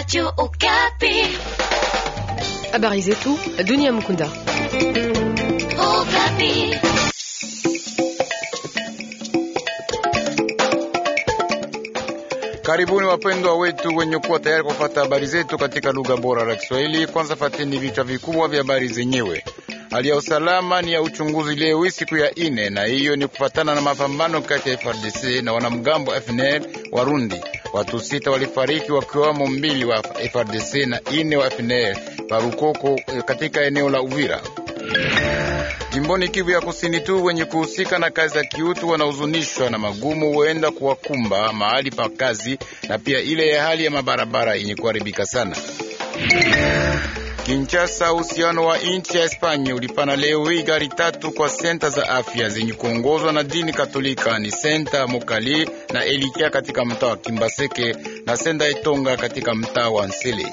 Radio Okapi. Habari zetu dunia mkunda. Okapi. Karibuni wapendwa wetu wenye kuwa tayari kupata habari zetu katika lugha bora la Kiswahili. Kwanza fateni vichwa vikubwa vya habari zenyewe. Hali ya usalama ni ya uchunguzi leo hii siku ya ine, na hiyo ni kufatana na mapambano kati ya frdc na wanamgambo FNL Warundi. Watu sita walifariki wakiwamo mbili wa FRDC na ine wa FNL parukoko eh, katika eneo la Uvira jimboni Kivu ya Kusini tu. Wenye kuhusika na kazi za kiutu wanahuzunishwa na magumu huenda kuwakumba mahali pa kazi na pia ile ya hali ya mabarabara yenye kuharibika sana. Kinshasa, uhusiano wa nchi ya Espanya ulipana leo hii gari tatu kwa senta za afya zenye kuongozwa na dini Katolika, ni senta Mokali na Elikia katika mtaa wa Kimbaseke na senta Etonga katika mtaa wa Nsele.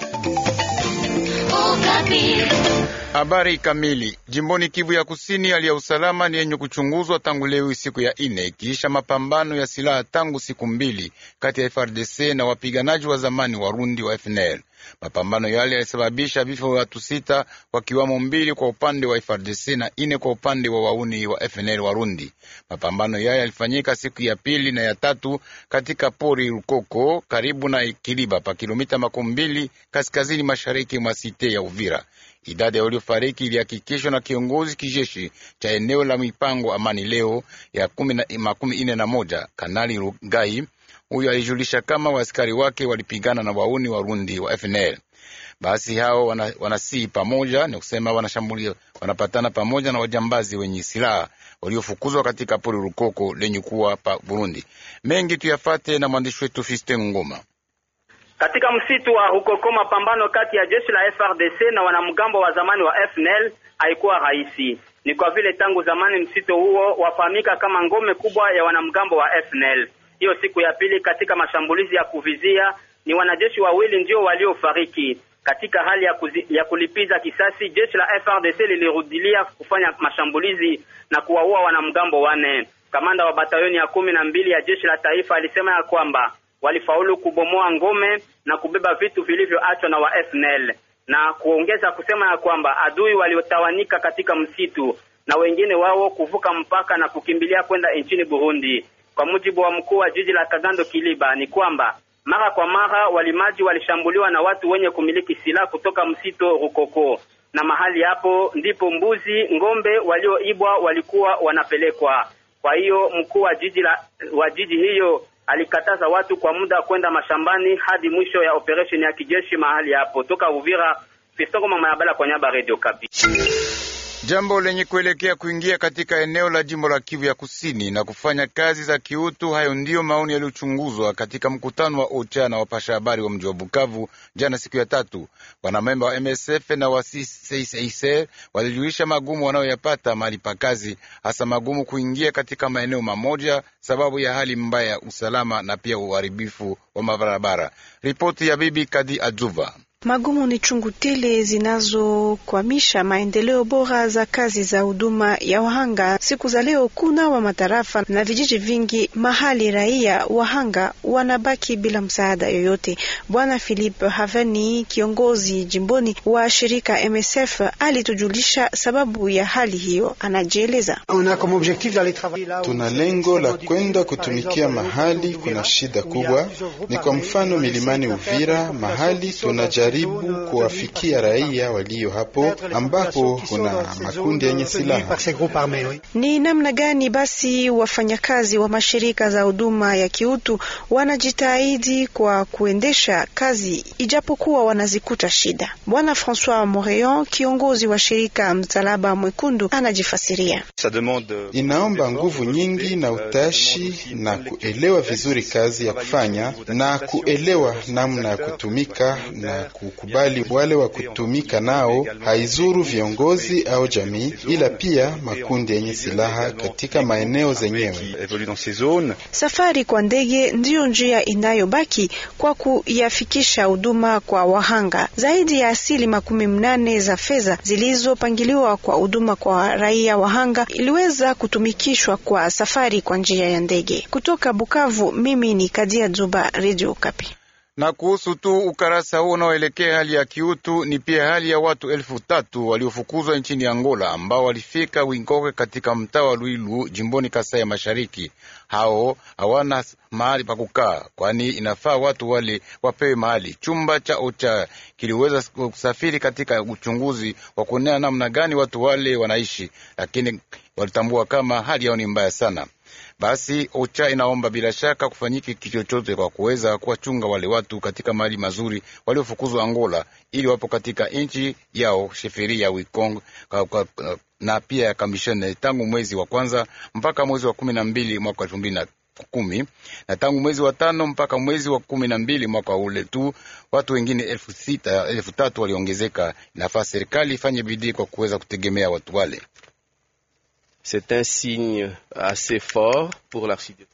Habari kamili. Jimboni Kivu ya Kusini, hali ya usalama ni yenye kuchunguzwa tangu leo siku ya ine, ikiisha mapambano ya silaha tangu siku mbili kati ya FRDC na wapiganaji wa zamani Warundi wa FNL. Mapambano yale yalisababisha vifo vya watu sita, wakiwamo mbili kwa upande wa frdc na ine kwa upande wa wauni wa FNL Warundi. Mapambano yale yalifanyika siku ya pili na ya tatu katika pori Rukoko karibu na Kiliba pa kilomita makumi mbili kaskazini mashariki mwa site ya Uvira. Idadi ya waliofariki ilihakikishwa na kiongozi kijeshi cha eneo la mipango amani leo ya makumi ine na moja Kanali Rugai huyo alijulisha kama waaskari wake walipigana na wauni Warundi wa FNL. Basi hao wana, pamoja, ni kusema wanashambulia, wanapatana pamoja na wajambazi wenye silaha waliofukuzwa katika pori Rukoko lenye kuwa pa Burundi. Mengi tuyafate na mwandishi wetu Fisten Ngoma. Katika msitu wa Rukoko, mapambano kati ya jeshi la FRDC na wanamgambo wa zamani wa FNL haikuwa rahisi. Ni kwa vile tangu zamani msitu huo wafahamika kama ngome kubwa ya wanamgambo wa FNL hiyo siku ya pili katika mashambulizi ya kuvizia. Ni wanajeshi wawili ndio waliofariki. Katika hali ya, kuzi, ya kulipiza kisasi, jeshi la FRDC lilirudilia kufanya mashambulizi na kuwaua wanamgambo wane. Kamanda wa batalioni ya kumi na mbili ya jeshi la taifa alisema ya kwamba walifaulu kubomoa ngome na kubeba vitu vilivyoachwa na wa FNL na kuongeza kusema ya kwamba adui waliotawanika katika msitu na wengine wao kuvuka mpaka na kukimbilia kwenda nchini Burundi. Kwa mujibu wa mkuu wa jiji la Kagando Kiliba ni kwamba mara kwa mara walimaji walishambuliwa na watu wenye kumiliki silaha kutoka msito Rukoko, na mahali hapo ndipo mbuzi, ng'ombe walioibwa walikuwa wanapelekwa. Kwa hiyo mkuu wa jiji la wa jiji hiyo alikataza watu kwa muda kwenda mashambani hadi mwisho ya operation ya kijeshi mahali hapo. Toka Uvira, Fistongo mama ya bala kwa nyaba Radio Kapi jambo lenye kuelekea kuingia katika eneo la jimbo la Kivu ya kusini na kufanya kazi za kiutu. Hayo ndiyo maoni yaliyochunguzwa katika mkutano wa OCHA na wapasha habari wa mji wa Bukavu jana siku ya tatu. Wanamemba wa MSF na wa CCICR walijulisha magumu wanayoyapata mahali pa kazi, hasa magumu kuingia katika maeneo mamoja sababu ya hali mbaya ya usalama na pia uharibifu wa mabarabara. Ripoti ya bibi Kadi Ajuva. Magumu ni chungu tele zinazokwamisha maendeleo bora za kazi za huduma ya wahanga. Siku za leo kuna wa matarafa na vijiji vingi mahali raia wahanga wanabaki bila msaada yoyote. Bwana Philip Haveni, kiongozi jimboni wa shirika MSF, alitujulisha sababu ya hali hiyo. Anajieleza: tuna lengo la kwenda kutumikia mahali kuna shida kubwa, ni kwa mfano milimani Uvira, mahali tunaja kujaribu kuwafikia raia walio hapo ambapo kuna makundi yenye silaha. Ni namna gani basi wafanyakazi wa mashirika za huduma ya kiutu wanajitahidi kwa kuendesha kazi ijapokuwa wanazikuta shida? Bwana Francois Moreon, kiongozi wa shirika Msalaba Mwekundu, anajifasiria. Euh, Inaomba nguvu nyingi na euh, utashi na kuelewa vizuri kazi ya kufanya na kuelewa namna ya kutumika na kukubali wale wa kutumika nao haizuru viongozi au jamii, ila pia makundi yenye silaha katika maeneo zenyewe. Safari kwa ndege ndiyo njia inayobaki kwa kuyafikisha huduma kwa wahanga. Zaidi ya asili makumi mnane za fedha zilizopangiliwa kwa huduma kwa raia wahanga iliweza kutumikishwa kwa safari kwa njia ya ndege kutoka Bukavu. Mimi ni Kadia Zuba, Radio Kapi na kuhusu tu ukarasa huo unaoelekea hali ya kiutu ni pia hali ya watu elfu tatu waliofukuzwa nchini Angola ambao walifika Wingoke katika mtaa wa lwilu jimboni Kasai ya Mashariki. Hao hawana mahali pa kukaa, kwani inafaa watu wale wapewe mahali. Chumba cha OCHA kiliweza kusafiri katika uchunguzi wa kuonea namna gani watu wale wanaishi, lakini walitambua kama hali yao ni mbaya sana. Basi OCHA inaomba bila shaka kufanyike kichochote kwa kuweza kuwachunga wale watu katika mali mazuri waliofukuzwa Angola, ili wapo katika nchi yao sheferi ya Wikong na pia ya kamishene tangu mwezi wa kwanza mpaka mwezi wa kumi na mbili mwaka elfu mbili na kumi na tangu mwezi wa tano mpaka mwezi wa kumi na mbili mwaka ule tu watu wengine elfu sita elfu tatu waliongezeka. Inafaa serikali ifanye bidii kwa kuweza kutegemea watu wale. C'est un signe assez fort pour l'archidiocèse.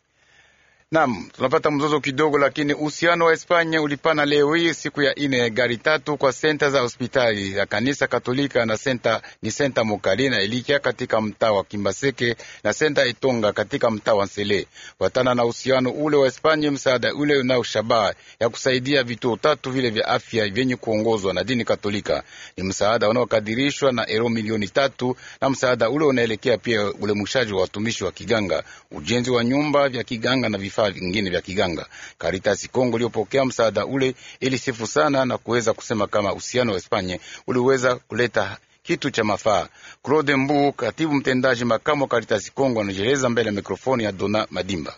Naam, tunapata mzozo kidogo, lakini uhusiano wa Hispania ulipana leo hii siku ya ine gari tatu kwa senta za hospitali ya kanisa Katolika na senta ni senta Mokalina Ilikia katika mtaa wa Kimbaseke na senta Itonga katika mtaa wa Nsele. Watana na uhusiano ule wa Hispania, msaada ule unao shabaha ya kusaidia vituo tatu vile vya afya vyenye kuongozwa na dini Katolika. Ni msaada unaokadirishwa na euro milioni tatu, na msaada ule unaelekea pia ulemushaji wa watumishi wa kiganga, ujenzi wa nyumba vya kiganga na vifaa vifaa vingine vya kiganga. Karitasi Kongo iliyopokea msaada ule ilisifu sana na kuweza kusema kama uhusiano wa Espanye uliweza kuleta kitu cha mafaa. Claude Mbu, katibu mtendaji makamu wa Karitasi Kongo, anajieleza mbele ya mikrofoni ya Dona Madimba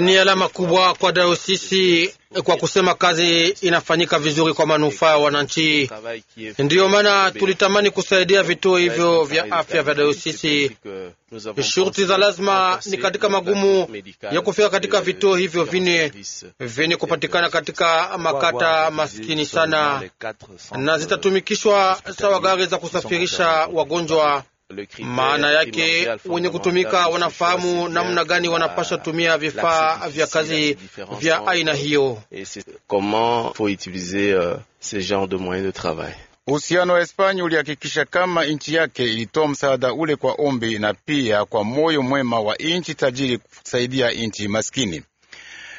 ni alama kubwa kwa dayosisi kwa kusema kazi inafanyika vizuri kwa manufaa ya wananchi. Ndiyo maana tulitamani kusaidia vituo hivyo vya afya vya dayosisi. Shurti za lazima ni katika magumu ya kufika katika vituo hivyo vine vyenye kupatikana katika makata maskini sana, na zitatumikishwa sawa gari za kusafirisha wagonjwa maana yake wenye kutumika wanafahamu namna gani wanapasha tumia vifaa vya kazi vya aina hiyo. Euh, Uhusiano wa Espanya ulihakikisha kama nchi yake ilitoa msaada ule kwa ombi na pia kwa moyo mwema wa nchi tajiri kusaidia nchi maskini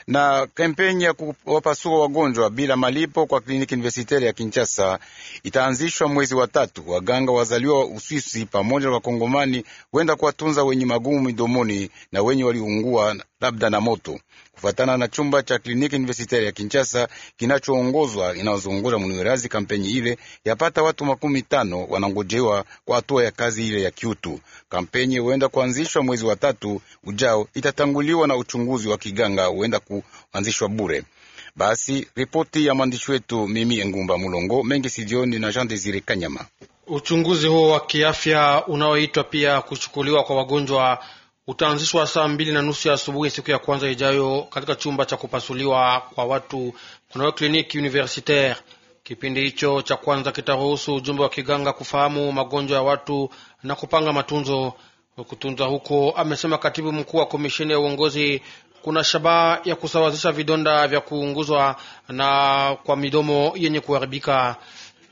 na kampeni ya kuwapasua wagonjwa bila malipo kwa kliniki universitari ya Kinshasa itaanzishwa mwezi wa tatu. Waganga wazaliwa wa Uswisi pamoja na wakongomani huenda kuwatunza wenye magumu midomoni na wenye waliungua labda na moto, Kufuatana na chumba cha kliniki universitari ya Kinshasa kinachoongozwa inaozunguza mnuirazi. Kampeni ile yapata watu makumi tano wanangojewa kwa hatua ya kazi ile ya kiutu. Kampeni huenda kuanzishwa mwezi wa tatu ujao, itatanguliwa na uchunguzi wa kiganga huenda kuanzishwa bure. Basi ripoti ya mwandishi wetu mimi Engumba Mulongo mengi sijioni na Jean Desire Kanyama. Uchunguzi huo wa kiafya unaoitwa pia kuchukuliwa kwa wagonjwa utaanzishwa saa mbili na nusu ya asubuhi siku ya kwanza ijayo katika chumba cha kupasuliwa kwa watu kunayo kliniki universitaire. Kipindi hicho cha kwanza kitaruhusu ujumbe wa kiganga kufahamu magonjwa ya watu na kupanga matunzo. Kutunza huko, amesema katibu mkuu wa komisheni ya uongozi, kuna shabaha ya kusawazisha vidonda vya kuunguzwa na kwa midomo yenye kuharibika.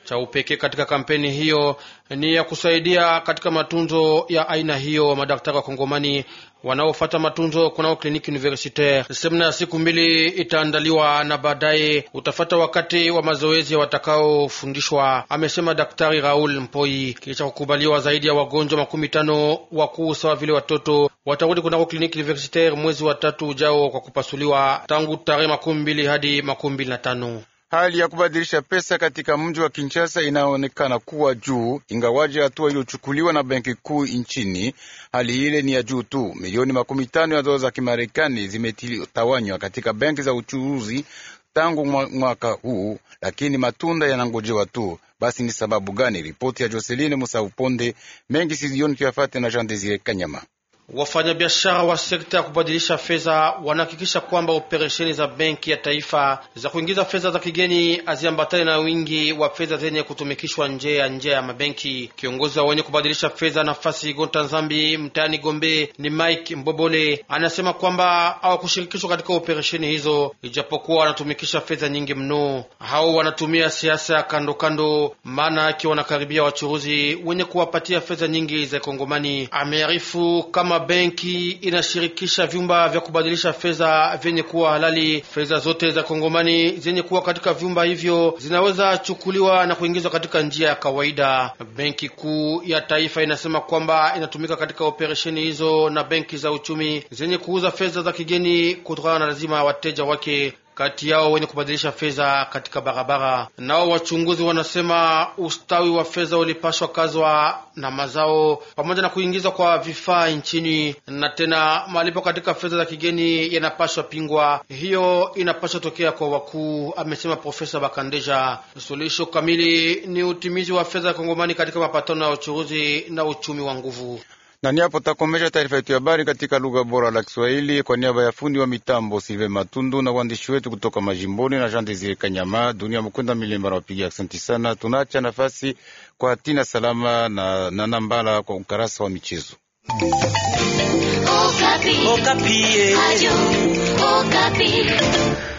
Cha upekee katika kampeni hiyo ni ya kusaidia katika matunzo ya aina hiyo madaktari wa Kongomani wanaofata matunzo kunao kliniki universitaire. Semina ya siku mbili itaandaliwa na baadaye utafata wakati wa mazoezi ya watakaofundishwa, amesema Daktari Raul Mpoi. Kisha kukubaliwa zaidi ya wagonjwa makumi tano wakuu sawa vile watoto watarudi kunako kliniki universitaire mwezi wa tatu ujao kwa kupasuliwa tangu tarehe makumi mbili hadi makumi mbili na tano hali ya kubadilisha pesa katika mji wa Kinshasa inaonekana kuwa juu, ingawaje hatua iliyochukuliwa na benki kuu nchini, hali ile ni ya juu tu. Milioni makumi tano ya dola za Kimarekani zimetawanywa katika benki za uchuuzi tangu mwaka huu, lakini matunda yanangojewa tu. Basi ni sababu gani? Ripoti ya Joseline Musauponde mengi sizioni tuyafate na Jean Desire Kanyama. Wafanyabiashara wa sekta ya kubadilisha fedha wanahakikisha kwamba operesheni za benki ya taifa za kuingiza fedha za kigeni haziambatane na wingi wa fedha zenye kutumikishwa nje ya nje ya mabenki. Kiongozi wa wenye kubadilisha fedha nafasi Gonta Nzambi mtaani Gombe ni Mike Mbobole, anasema kwamba hawakushirikishwa katika operesheni hizo, ijapokuwa wanatumikisha fedha nyingi mno. Hao wanatumia siasa ya kando kando, maana yake wanakaribia wachuruzi wenye kuwapatia fedha nyingi za Kongomani. Amearifu kama kama benki inashirikisha vyumba vya kubadilisha fedha vyenye kuwa halali. Fedha zote za kongomani zenye kuwa katika vyumba hivyo zinaweza chukuliwa na kuingizwa katika njia ya kawaida. Benki kuu ya taifa inasema kwamba inatumika katika operesheni hizo na benki za uchumi zenye kuuza fedha za kigeni kutokana na lazima wateja wake kati yao wenye kubadilisha fedha katika barabara. Nao wachunguzi wanasema ustawi wa fedha ulipashwa kazwa na mazao pamoja na kuingizwa kwa vifaa nchini, na tena malipo katika fedha za kigeni yanapashwa pingwa. Hiyo inapashwa tokea kwa wakuu, amesema Profesa Bakandeja. Suluhisho kamili ni utimizi wa fedha ya kongomani katika mapatano ya uchuruzi na uchumi wa nguvu. Na niapo takomesha taarifa yetu ya habari katika lugha bora la Kiswahili kwa niaba ya fundi wa mitambo Silve Matundu na waandishi wetu kutoka majimboni na Jean Desire Kanyama, Dunia Mkwenda Milemba wapiga asanti sana. Tunaacha nafasi kwa Tina Salama na Nana Mbala kwa ukarasa wa michezo. Okapi. Okapi. Eh.